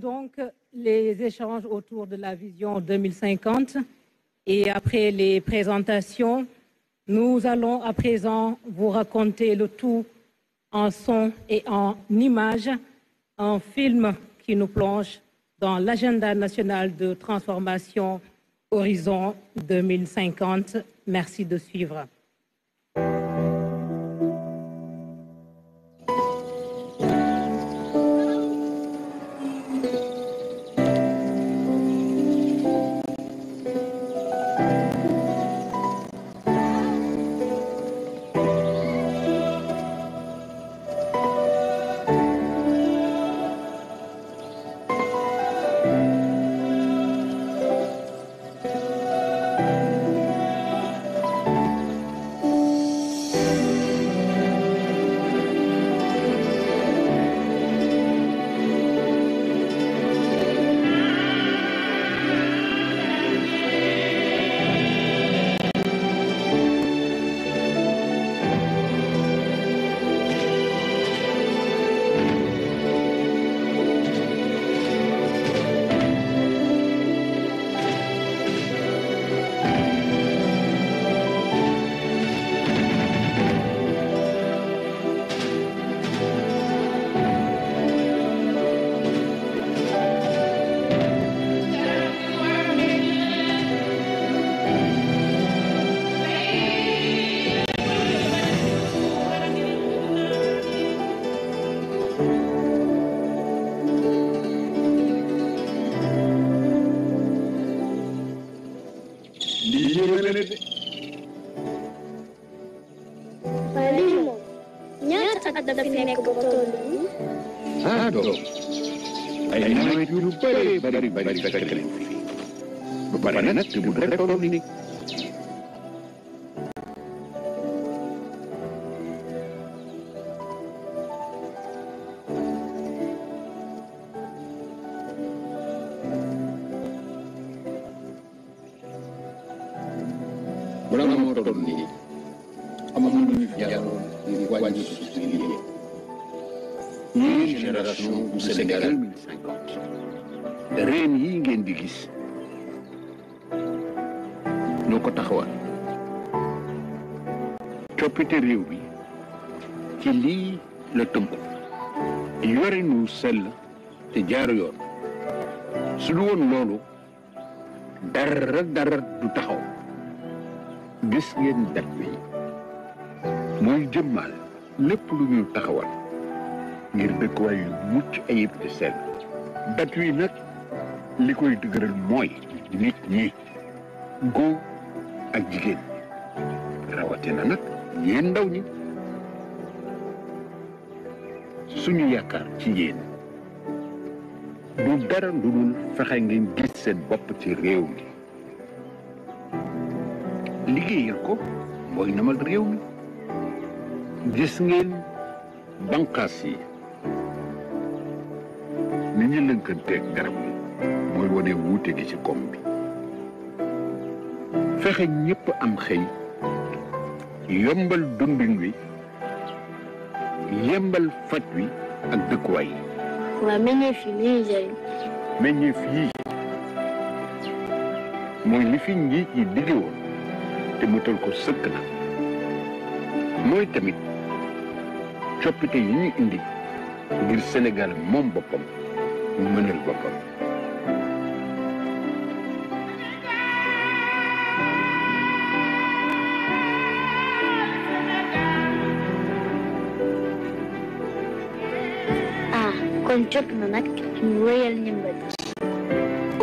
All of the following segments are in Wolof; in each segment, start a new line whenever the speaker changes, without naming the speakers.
donc les échanges autour de la vision 2050 et après les présentations, nous allons à présent vous raconter le tout en son et en image, un film qui nous plonge dans l'agenda national de transformation Horizon 2050. Merci de suivre.
Pineko Botolu.
Sago. I know you very, very, very, very kindly. Baranat Butolini. Brahma Tolini. Amamuni Yaro, Wajus. une reen yi ngeen di gis ñoo ko taxawal coppite réew bi ci lii la tënku yori nu sell te jaaru yoon su du woon loolu dara dara du taxaw gis ngeen dat mooy jëmmal lépp lu ñu taxawal ngir dëkkuwaay yu mucc ayib te seen dat wi nag li koy dëgëral mooy nit ñi góor ak jigéen rawatina nag yéen ndaw ñi suñu yaakaar ci yéen du dara lu dul fexe ngeen gis seen bopp ci réew mi liggéeyal ko mooy namal réew mi gis ngeen banqaas yi ni ñu lënkanteeg garab yi mooy wane wuute gi ci koom bi fexe ñépp am xëy yombal dundin wi yembal faj wi ak dëkkuwaay yi. waa yi yi digge te mu ko sëkk na mooy tamit. coppite yi ñu indi ngir Sénégal moom boppam mu mënal boppam.
ah kon jot na nag ñu wéyal ndimbal.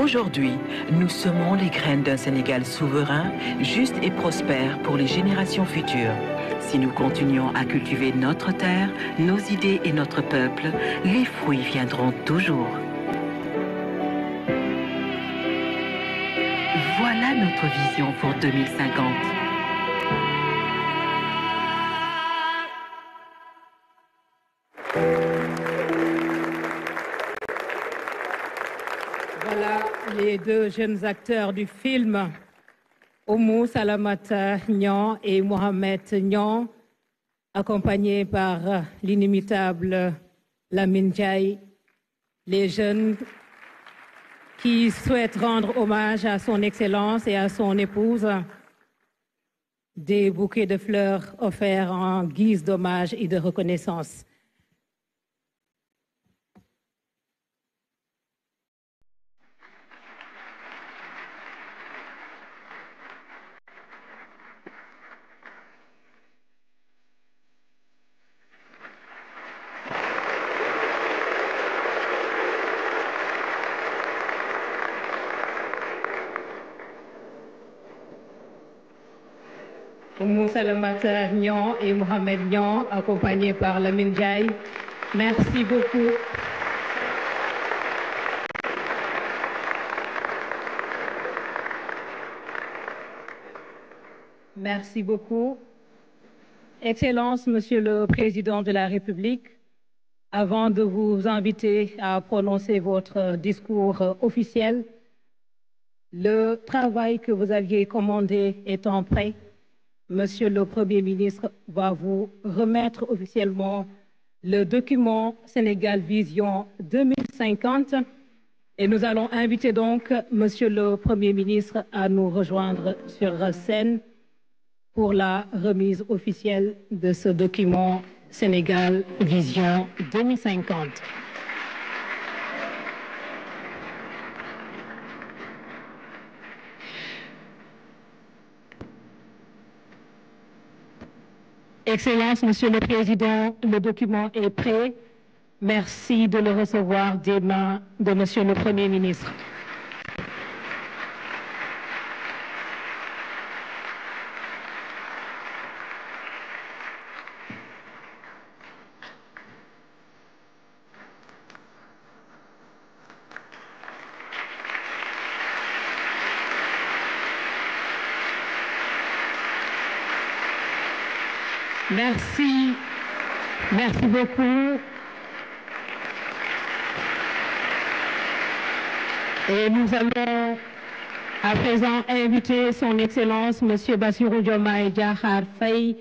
Aujourd'hui, nous semons les graines d'un Sénégal souverain, juste et prospère pour les générations futures. Si nous continuons à cultiver notre terre, nos idées et notre peuple, les fruits viendront toujours. Voilà notre vision pour les deux jeunes acteurs du film, Oumou Salamata Nyan et Mohamed Nyan, accompagnés par l'inimitable Lamine Jai, les jeunes qui souhaitent rendre hommage à son Excellence et à son épouse. Des bouquets de fleurs offerts en guise d'hommage et de reconnaissance. Moussalamata Nyan et Mohamed Nyan, accompagnés par Lamine Diaye. Merci beaucoup. Merci beaucoup. Excellences, Monsieur le Président de la République, avant de vous inviter à prononcer votre discours officiel, le travail que vous aviez commandé étant prêt, Monsieur le Premier ministre va vous remettre officiellement le document Sénégal Vision 2050 et nous allons inviter donc Monsieur le Premier ministre à nous rejoindre sur scène pour la remise officielle de ce document Sénégal Vision 2050. Excellences, Monsieur le Président, le document est prêt. Merci de le recevoir des mains de Monsieur le Premier ministre.
Merci. Merci beaucoup.
Et nous allons à présent inviter son Excellence, Monsieur Bassirou Diomaye Diakhar Faye,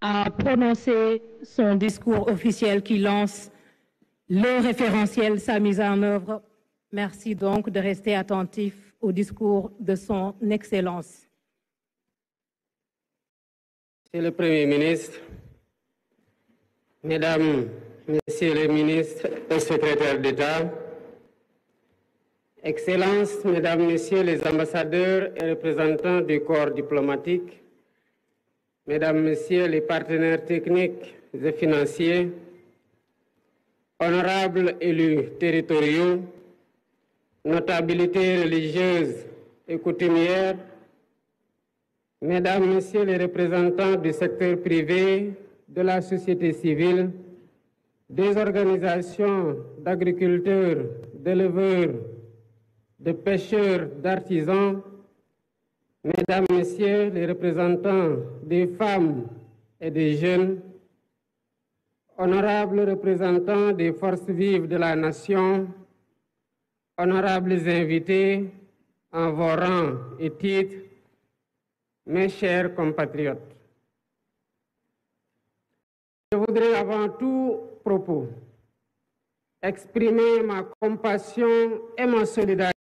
à prononcer son discours officiel qui lance le référentiel, sa mise en œuvre. Merci donc de rester attentif au discours de son Excellence.
le Premier ministre, Mesdames, Messieurs les ministres et secrétaires d'État, Excellences, Mesdames, Messieurs les ambassadeurs et représentants du corps diplomatique, Mesdames, Messieurs les partenaires techniques et financiers, honorables élus territoriaux, notabilités religieuses et coutumières, Mesdames, Messieurs les représentants du secteur privé, de la société civile, des organisations d'agriculteurs, d'éleveurs, de pêcheurs, d'artisans, Mesdames, Messieurs les représentants des femmes et des jeunes, honorables représentants des forces vives de la nation, honorables invités en vos rangs et titres, mes chers compatriotes, je voudrais avant tout propos exprimer ma compassion et ma solidarité